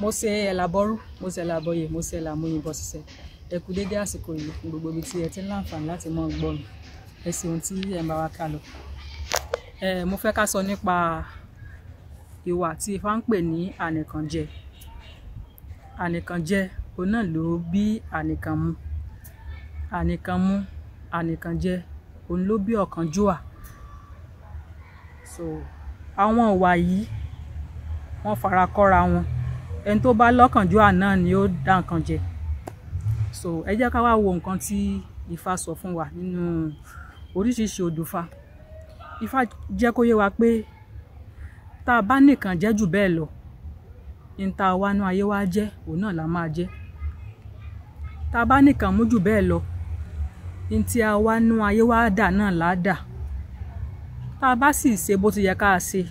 mo ṣe ẹ̀làbọ́rú mo ṣe ẹ̀làbọ̀yè mo ṣe ẹ̀làmúyìnbọ̀ ṣiṣẹ́ ẹ kú dédé àsìkò yìí fún gbogbo ibi tí ẹ ti ń láǹfààní láti mọ gbọ́ mi ẹ ṣeun tí ẹ ń bá wa kà lọ. mo fẹ́ ká sọ nípa ìwà tí ifá ń pè ní ànìkànjẹ ànìkànjẹ òun náà ló bí ànìkànmú ànìkànmú ànìkànjẹ òun ló bí so àwọn ìwà yìí wọ́n fara kọ́ra wọn ẹni tó bá lọ́kànjúwà náà ni ó dá nǹkan jẹ so ẹ jẹ́ ká wá wo nǹkan tí Ifá sọ fún wa nínú oríṣiríṣi odùfá Ifá jẹ́ kó yé wa pé tá a bá nìkan jẹ́ jù bẹ́ẹ̀ lọ ní tá a ayé wa jẹ́ òun náà la máa jẹ́ tá a bá nìkan mú jù bẹ́ẹ̀ lọ ní tí a wá nú ayé wá dà náà ládà tá a bá sì ṣe bó ti yẹ ká ṣe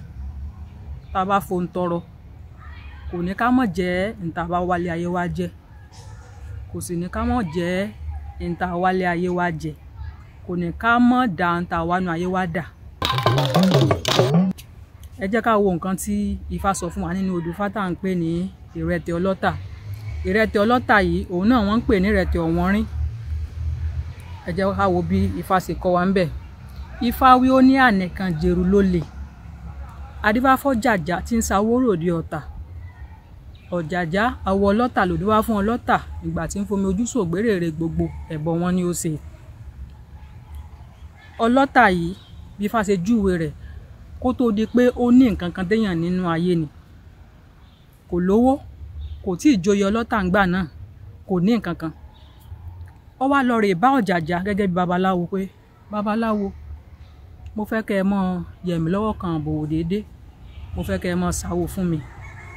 tá a bá fohùn tọrọ kò ní ká mọ̀ jẹ́ níta bá wálé ayé wá jẹ kò sì ní ká mọ̀ jẹ́ níta wálé ayé wá jẹ kò ní ká mọ̀ dá níta wánú ayé wá dà. ẹ jẹ́ ká wo nǹkan tí ifá sọ fún wa nínú odù fátà ń pè ní ìrẹtẹ̀ ọlọ́tà ìrẹtẹ̀ ọlọ́tà yìí òun náà wọ́n ń pè ní ìrẹtẹ̀ ọ̀wọ́nrín ẹ jẹ́ ká wo bí ifá ṣe kọ́ wa ń bẹ̀ ifá wí ó ní ànẹ̀kan jèrú lólè adífáfọ́ jàjà tí ń sawóró òde ọ̀tà ọ̀jàjà àwọ ọlọ́tà lòdì wá fún ọlọ́tà ìgbà tí ń fomi ojú sògbérè rẹ̀ gbogbo ẹ̀bọ wọn ni ó ṣe ọlọ́tà yìí bí ifá ṣe júwe rẹ̀ kó tóó di pé ó ní nǹkan kan déyàn nínú ayé ni kò lówó kò tí ì joyè ọlọ́tà ńgbà náà kò ní nǹkan kan ó wá lọ rè bá ọ̀jàjà gẹ́gẹ́ bí babaláwo pé babaláwo mo fẹ́ kẹ́ ẹ mọ yẹ̀mí lọ́wọ́ kan àbòwò déédéé mo fẹ́ kẹ́ ẹ mọ ṣàwò fún mi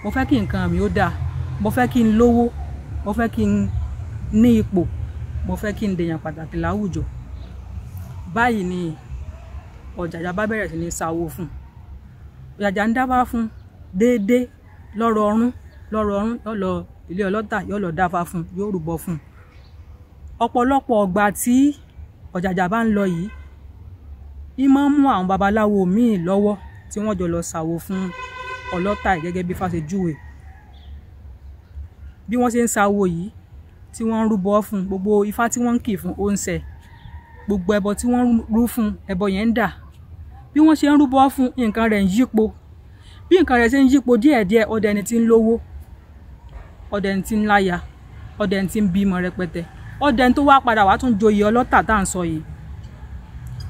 mo fẹ́ kí nǹkan mi ó dáa mo fẹ́ kí n lówó mo fẹ́ kí n ní ipò mo fẹ́ kí n dèèyàn pàtàkì láwùjọ báyìí ni ọ̀jàjà bá bẹ̀rẹ̀ sí ní ṣàwò fún ọ̀jàjà ń dábàá fún déédéé lọ́rọ̀ ọ̀run lọ́rọ̀ ọ̀run yọ̀lọ̀ ilé ọlọ́tà yọ̀lọ̀ dáfá fún yóò rúbọ fún un ọ̀pọ̀lọpọ̀ ọ̀gbà tí ọ̀jàjà bá ń lọ yìí í máa ń mú àwọn babaláwo míì lọ́wọ́ tí wọ́n jọ lọ ṣàwo fún ọlọ́tà gẹ́gẹ́ bí fásejúwe bí wọ́n ṣe ń ṣàwo yìí tí wọ́n ń rúbọ fún gbogbo ifá tí wọ́n ń kì fún ó ń ṣẹ gbogbo ẹbọ tí wọ́n rú fún ẹbọ yẹn ń dà bí wọ́n ṣe ń rúbọ fún nǹkan rẹ̀ ń yípo bí nǹkan rẹ̀ ṣe ń yípo díẹ̀díẹ̀ ọdẹ ẹni tí ń lówó ọdẹ tí ń láya ọdẹ tí ń bímọ rẹpẹtẹ ọdẹni tó wá padà wá tún joyè ọlọ́tà tá à ń sọ yìí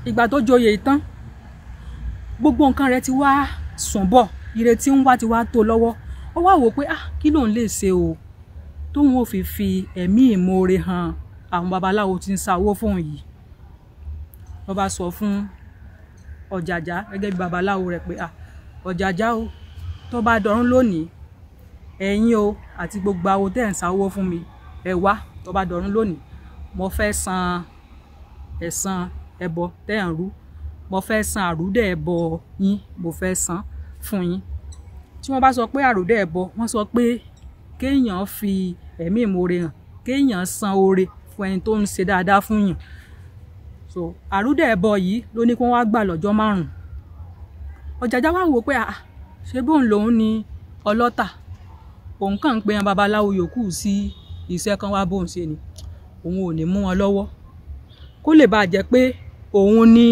ìgbà tó joyè tán gbogbo nǹkan rẹ ti wá sùn bọ̀ ìrètí ń wá ti wá tó lọ́wọ́ ó wá wò pé ah kí lòun lè ṣe o tóun ò fi fi ẹ̀mí ìmoore hàn àwọn babaláwo ti ń sa owó fóun yìí wọ́n bá sọ fún ọ̀jàjà gẹ́gẹ́ bí babaláwo rẹ̀ pé ah ọ̀jàjà o tó bá dọ̀rùn lónìí ẹ̀yin o àti gbogbo àwo tẹ̀ ń sa owó fún mi ẹ wá tó bá dọ̀run lónìí mo fẹ́ san ẹ̀san ẹbọ tẹ́ ẹ̀ ń rú mo fẹ́ san àrúdẹ̀ ẹbọ yín mo fẹ́ san fún yín tí wọ́n bá sọ pé àròdé ẹ̀bọ wọ́n sọ pé kéèyàn fi ẹ̀mí ìmoore hàn kéèyàn san oore fún ẹni tó ń ṣe dáadáa fún yàn so àròdé ẹ̀bọ yìí ló ní kí wọ́n wá gbà lọ́jọ́ márùn-ún ọ̀jàjà wá wò pé à ah, ṣé bóun lòun ni ọlọ́tà òun kàn ń pe yan babaláwo yòókù sí iṣẹ́ kan wá bóun ṣe ni òun ò ní mú wọn lọ́wọ́ kó lè bàa jẹ́ pé òun ni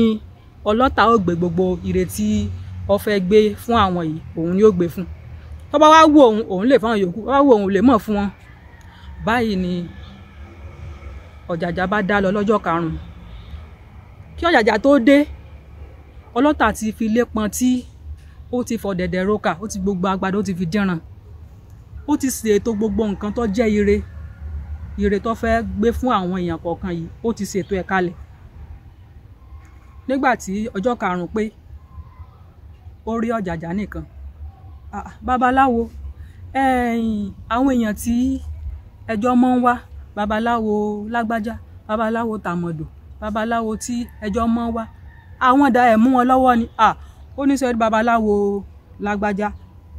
ọlọ́ta ó gbé gbogbo ire tí ó fẹ́ gbé fún àwọn yìí òun ni ó gbé fún tó bá wá wù òun òun lè fáwọn yòókù tó bá wù òun lè mọ̀ fún wọn báyìí ni ọ̀jàjà bá dá lọ lọ́jọ́ karùn-ún kí ọ̀jàjà tó dé ọlọ́ta ti fi ilé pọn tí ó ti fọ dẹ̀dẹ̀ roka ó ti gbogbo agbada ó ti fi dínran ó ti ṣètò gbogbo nǹkan tó jẹ́ ire ire tó fẹ́ gbé fún àwọn èèyàn kọ̀ọ̀kan yìí ó ti ṣètò ẹ̀ kalẹ̀ nígbà tí ọjọ́ karùn-ún pé ó rí ọ̀jàjà nìkan babaláwo àwọn èèyàn tí ẹjọ́ mọ́ ń wá babaláwo lágbájá babaláwo tàmọ̀dò babaláwo tí ẹjọ́ mọ́ ń wá àwọn ọ̀dà ẹ̀ mú wọn lọ́wọ́ ni ó ní sọ́ọ́ babaláwo lágbájá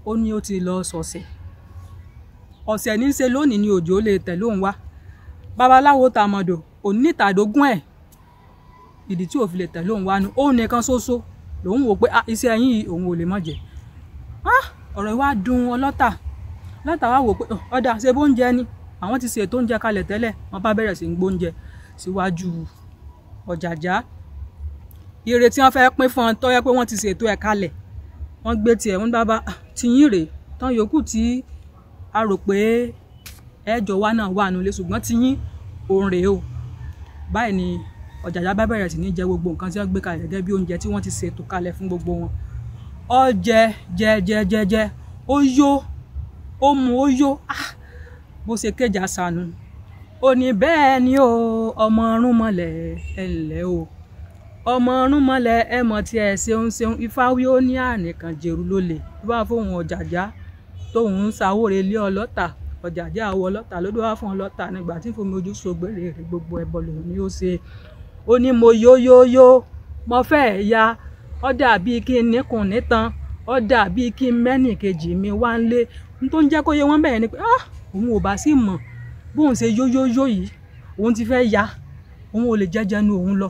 ó ní ó ti lọ sọ̀sẹ̀ ọ̀sẹ̀ ní í ṣe lónìí ni òjò lè tẹ̀ lóun wá babaláwo tàmọ̀dò onítàdógún ẹ̀ ìdí tí òfin lè tẹ̀lé òun wá nu òun nìkan ṣoṣo lòun wò pé ah, iṣẹ́ ẹ̀yìn yìí òun ò lè mọ̀ jẹ́ ah, ọ̀rọ̀ ìwà dùn ọlọ́tà látà wá wò pé oh, ọ̀dà ṣe bóúnjẹ ni àwọn ti ṣètò oúnjẹ kalẹ̀ tẹ́lẹ̀ wọ́n bá bẹ̀rẹ̀ sí ń gbóúnjẹ síwájú ọ̀jàjá ire tí wọ́n fẹ́ pín fún ọ tó yẹ pé wọ́n ti ṣètò ẹ̀ kalẹ̀ wọ́n gbé tiẹ̀ wọ́n bá bá ah, tiyín rèé tán yòókù tí a rò pé ẹjọ wa náà wà nulẹ ṣùgbọ́n ti yín òun rèé o báyìí ni ọ̀jàjà bá bẹ̀rẹ̀ sí ní jẹ gbogbo nǹkan tí wọ́n gbé kalẹ̀ gẹ́gẹ́ bí oúnjẹ tí wọ́n ti ṣètò kalẹ̀ fún gbogbo wọn ó jẹ ó yó ó mu ó yó ah! bó ṣe kéjà sànù ó bẹ́ẹ̀ ni o ọmọ ọrùn mọ̀lẹ̀ ẹ ǹlẹ́ o ọmọ ọrùn mọ̀lẹ̀ ẹ mọ̀ tí ẹ ṣeun ṣeun ifá wí ó ní ànìkànjẹ̀rù ló lè wá fóun ọ̀jàjà tóun ń sawóre lé ọlọ́ta ọ̀jàjà àwọ̀ ọlọ́ta lódò wá fún ọlọ́ta nígbà tí fún mi ojú sógbèrè rè gbogbo ẹbọ lòun ni ó ṣe ó ní mo yó yó yó mo fẹ́ ya ó dàbí kí n níkùn nítan ó dàbí kí n mẹ́nì kejì mi wá ń lé n tó ń jẹ́ kó yé wọ́n bẹ̀rẹ̀ ni pé ah òun ò bá sì mọ̀ bóun ṣe yó yó yó yìí òun ti fẹ́ ya òun ò lè jẹ́jẹ́ nu òun lọ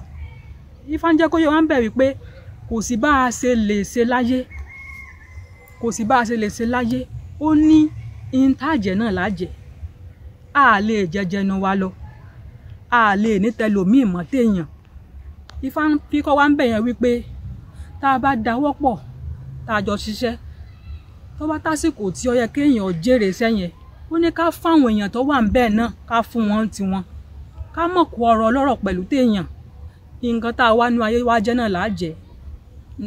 Ifá ń jẹ́ kó yé wọ́n bẹ̀ wípé kò sí bá a ṣe lè ṣe láyé kò sí bá a ṣe lè ṣe láyé ó ní ihun tá a jẹ náà la jẹ a lè jẹjẹnu wa lọ a lè ní tẹlòmíì mọ́ téèyàn ifá ń fi kọ́ wa ń bẹ̀ yẹn wípé tá a bá dáwọ́ pọ̀ tá a jọ ṣiṣẹ́ tó bá tásìkò tí ó yẹ kéèyàn jèrè iṣẹ́ yẹn ó ní ká fáwọn èèyàn tó wà ń bẹ́ẹ̀ náà ká fún wọn tiwọn ká mọ̀ kó ọ̀rọ̀ ọlọ́rọ̀ pẹ̀lú téèyàn nǹkan tá a wá nu ayé wa jẹ́ náà là á jẹ́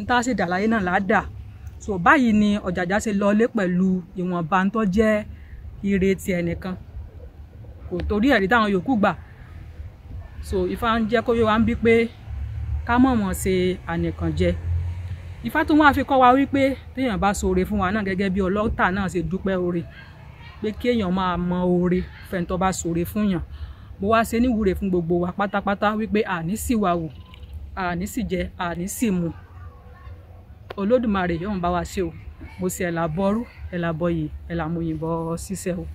tá a sì dà láyé náà là so báyìí ni ọ̀jàjà ṣe lọlé pẹ̀lú ìwọ̀nba tó jẹ́ ire ti ẹnìkan kò torí ẹ̀rí táwọn yòókù gbà so ifá ń jẹ́ kó yé wa ń bí pé ká mọ̀mọ́ ṣe ànìkànjẹ ifá tó wọ́n á fi kọ́ wa wípé téèyàn bá so oore fún wa náà gẹ́gẹ́ bí ọlọ́tà náà ṣe dúpẹ́ oore pé kéèyàn máa mọ oore fẹ́ntọ́ bá so oore fún yàn mo wá ṣe níwúre fún gbogbo wa pátápátá wípé àní sì wà wò àní sì jẹ àní sì mu olódùmarè yóò ń bá wa ṣe o mo sì ẹ̀ làbọ̀rú ẹ̀ làbọ̀yè ẹ̀ làmúyìnbọ̀ ṣiṣẹ́ o.